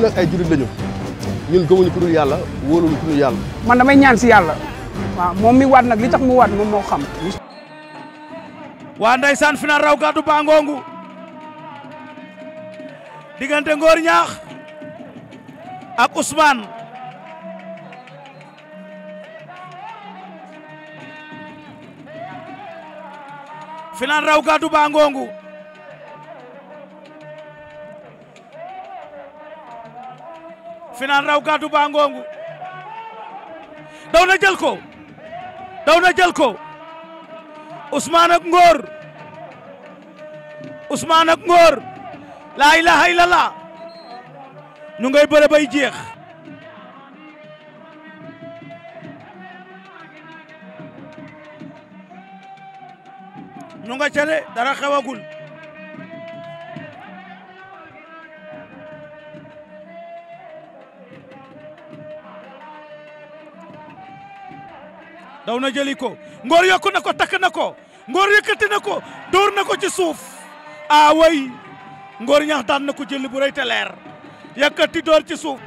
ñun nag ay jullit lañu ñun gëmuñu ku dul yàlla wóoluñu ku dul yàlla. man damay ñaan si yàlla waaw moom mi waat nag li tax mu waat moom moo xam. waa ndeysaan final raw gàddu baa diggante Ngor Ñaax ak Ousmane final raw gàddu baa final raw gàddu baa ngoongu daw na jël ko daw na jël ko Ousmane ak Ngor Ousmane ak Ngor laa ilaha illallah ñu ngay bëre bay jeex ñu nga cale dara xewagul daw na jëli ko Ngor yokku na ko takk na ko ngoor yëkkati na ko dóor na ko ci suuf ah way Ngor ñax daan na ko jëli bu rëy te leer yëkkati dóor ci suuf.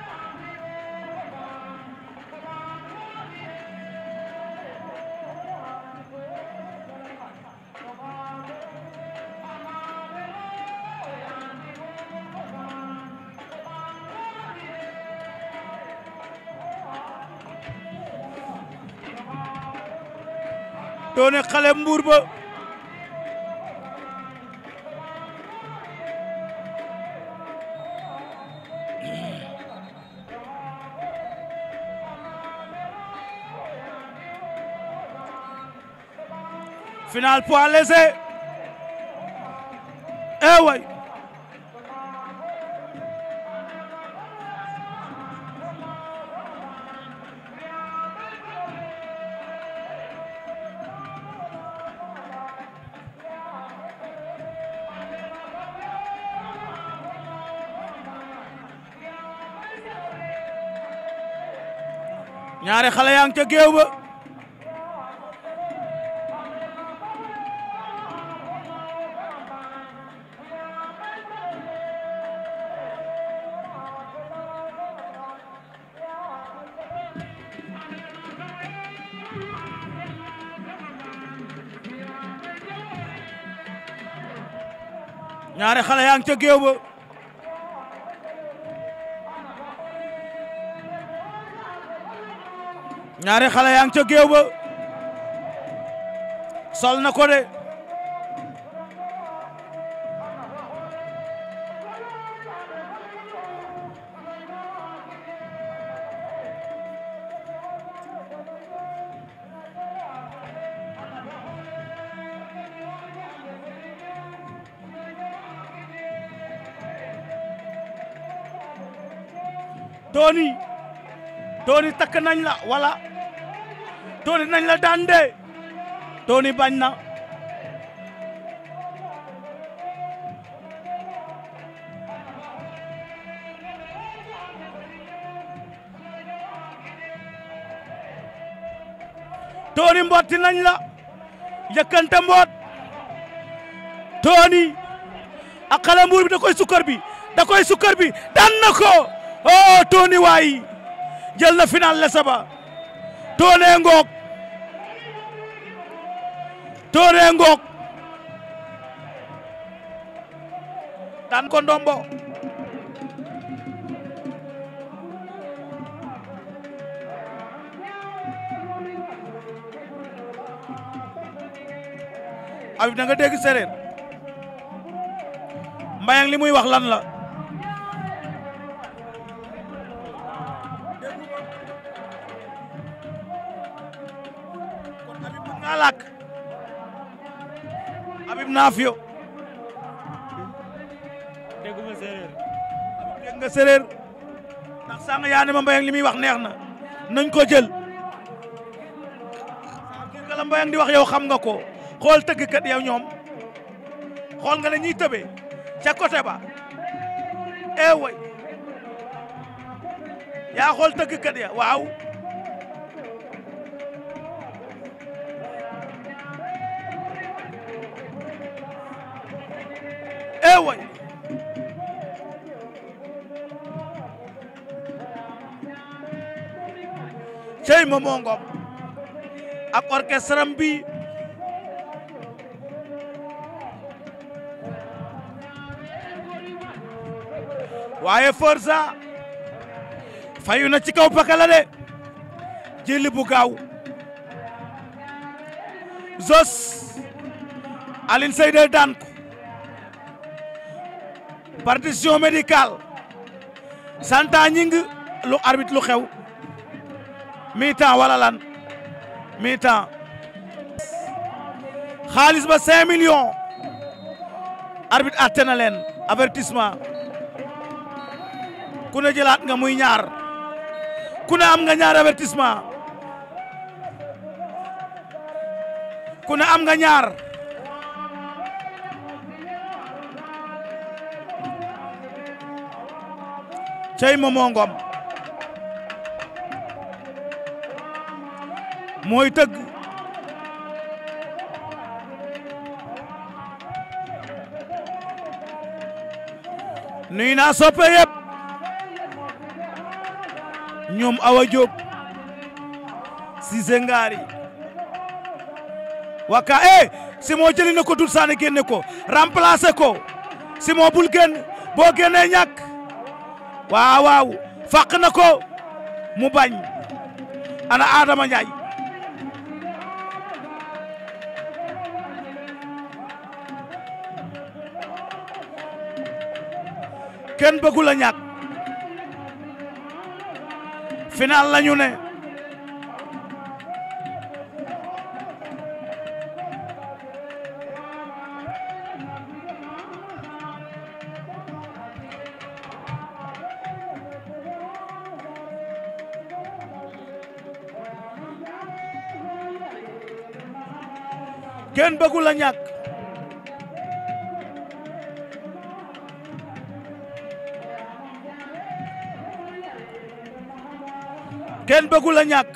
doone xale mbuur ba final poids léger eh ñaari xale yaa ngi ca géew ba xale yaa ngi ca géew ñaari xale ca géew ba sol na ko de Tony Tony takk nañ la wala Tony nañ la daan de Tony bañ na Tony mbotti nañ la yëkkante mboot Tony ak xale mbuur bi da koy sukkar bi da koy bi daan na ko oh Tony waay jël na final la saba toone ngook toone ngook dan ko ndombo abib na nga dégg mbayang li muy wax lan la naafio dégguma séeréer dégg nga séeréer ndax sànq yaa ne ma mbay li muy wax neex na nañ ko jël dégg nga di wax yow xam nga ko xool tëggkat yow ñoom xool nga ne ñuy tëbee ca côté ba eh way yaa xool tëggkat ya waaw eeway cey Momo Ngom ak orchestre am bi waaye Forza fayu na ci kaw pakala de jëli bu gaaw Zos Aline Seyde daan partition médicale santa ñing lu arbitre lu xew mi-temps wala lan mi-temps xaalis ba 5 million arbitre atte na leen avertissement ku ne jëlaat nga muy ñaar ku ne am nga ñaar avertissement ku ne am nga ñaar cey Momo mooy tëgg nuy naa soppe ñoom Awa Diop waka e Simon jëli na ko dul saane génne ko remplacer ko Simon waaw waaw fàq na ko mu bañ ana Adama Ndiaye kenn bëggu la ñàkk lañu la ne kenn bëggul la ñàkk kenn bëggul la ñàkk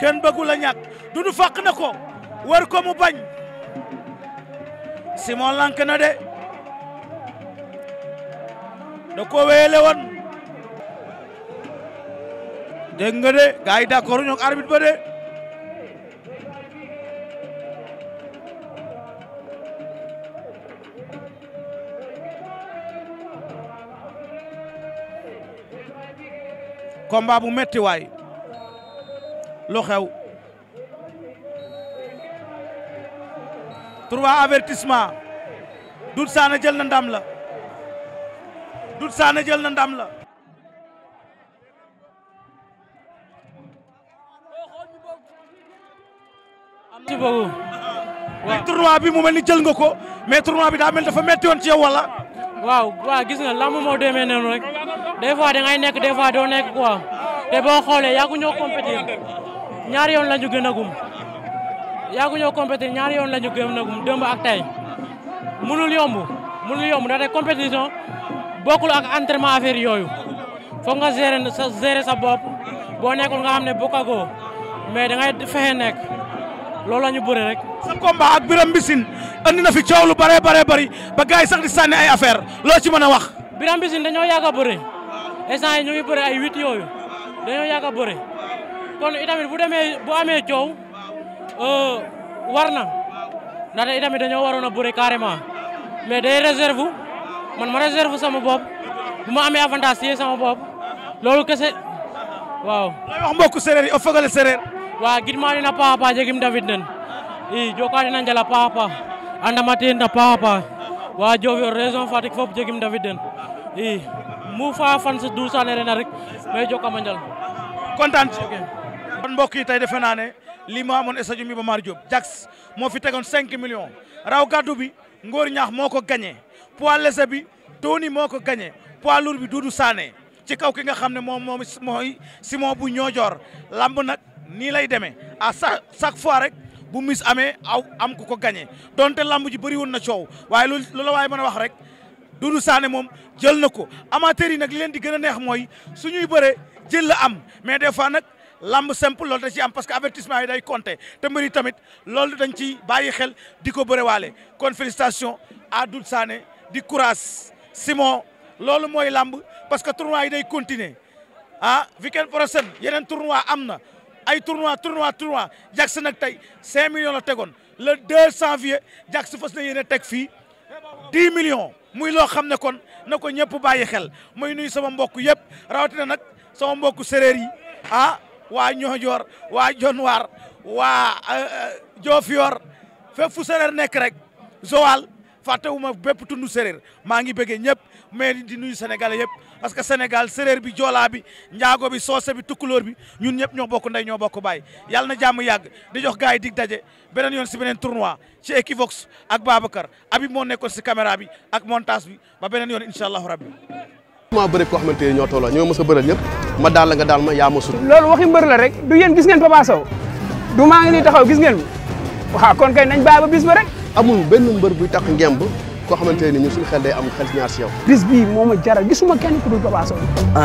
kenn fàq na ko wër ko mu bañ Simon lank na de da ko wéyale woon dégg nga de gars yi d'accord ñoo arbitre ba de combat bu metti waay lu xew trois avertissement Doudou Sané jël na ndam la du Sané jël na ndam la ci boobu waaw tournoi bi mu mel ni jël nga ko mais tournoi bi daa mel dafa metti woon ci yow wala waaw waaw gis nga lamb moo demee noonu rek des fois de ngay nekk des fois doo nekk quoi te boo xoolee yàggu ñoo compétir ñaari yoon la ñu gën yaagu ñoo compétir ñaari yoon la ñu gëm nag démb ak tey mënul yomb mënul yomb ndaxte compétition bokkul ak entraînement affaire yooyu foog nga gérer sa gérer sa bopp boo nekkul nga xam ne bokkagoo mais da ngay fexe nekk loolu la ñu bëre rek. sa combat ak Biram Bisin andi na fi coow lu bare bare bari ba gars yi ay affaire loo ci mën a wax. Biram Bisin dañoo yàgg a bëre instant yi ñu ngi bëre ay huit yooyu dañoo yàgg bëre kon itamit bu demee bu amee coow. Euh, war na ndaxte itamit dañoo waroon a bëre carrément mais day réserve man ma réserve sama bopp bu ma amee avantage ci sama bopp loolu kese waaw. lay wax mbokku séeréer yi o fogale séeréer. waaw gidmaa dina paax a paax jegim David nen i joka dina njala a paax andama teen na paax a paax waa Diofior région Fatick fop jegim David nen i mu fa fan sa duur saane rek mais jokama njal kontaan ci kon mbokk defe naa lii moo amoon stade Iba Mar Diop Jax moo fi tegoon 5 million raw gàddu bi ngoor ñaax moo ko gagné poids léger bi dooni moo ko gagné poids lourd bi Doudou saane ci kaw ki nga xam ne moom moom mooy Simon bu ñoojoor lamb nag nii lay demee à sa chaque fois rek bu mis amee aw am ku ko gagné donte lamb ji bëri woon na coow waaye loolu loola waaye mën a wax rek Doudou saane moom jël na ko amateurs yi nag li leen di gën a neex mooy su ñuy bëree jël la am mais des fois nag. lamb simple loolu da ci am parce que avertissement yi day compter te mbir tamit lool dañ ci bàyyi xel di ko bërewaale kon félicitation à Doudou Sané di courage Simon loolu mooy lamb parce que tournoi yi day continuer ah weekend prochain yeneen tournoi am na ay tournoi tournoi tournoi Jackson nag tey 5 millions la tegoon le 2 janvier Jackson fas na yéene teg fi 10 millions muy loo xam ne kon na ko ñëpp bàyyi xel muy nuyu sama mbokk yëpp rawatina nag sama mbokk séréer ah. waa ñoojoor waa jonwaar waa euh, euh, jofiyor fépp fu séréer nekk rek Joal fàttewuma bépp tundu séréer maa ngi bëggee ñëpp mais di nuyu sénégalais yëpp parce que sénégal séréer bi joolaa bi njaago bi soose bi tukkulóor bi ñun ñëpp ñoo bokk ndey ñoo bokk baay yàlla na jàmm yàgg di jox gars yi dig daje beneen yoon si beneen tournoi ci Equivox ak Babacar Habib moo nekkoon si caméra bi ak montage bi ba beneen yoon incha allahu rabbi maa bëri koo xamante ni ñoo tolloo ñoo mës a bëral ñëpp ma daal la nga daal ma yaa ma sut loolu waxi mbër la rek du yéen gis ngeen Papa Sow du maa ngi nii taxaw gis ngeen waaw kon kay nañ bàyyi ba bis ba rek amul benn mbër buy tax ngemb koo xamante ni ñun suñu xel day am xel ñaar si yow bis bii moo ma jaral gisuma kenn ku dul Papa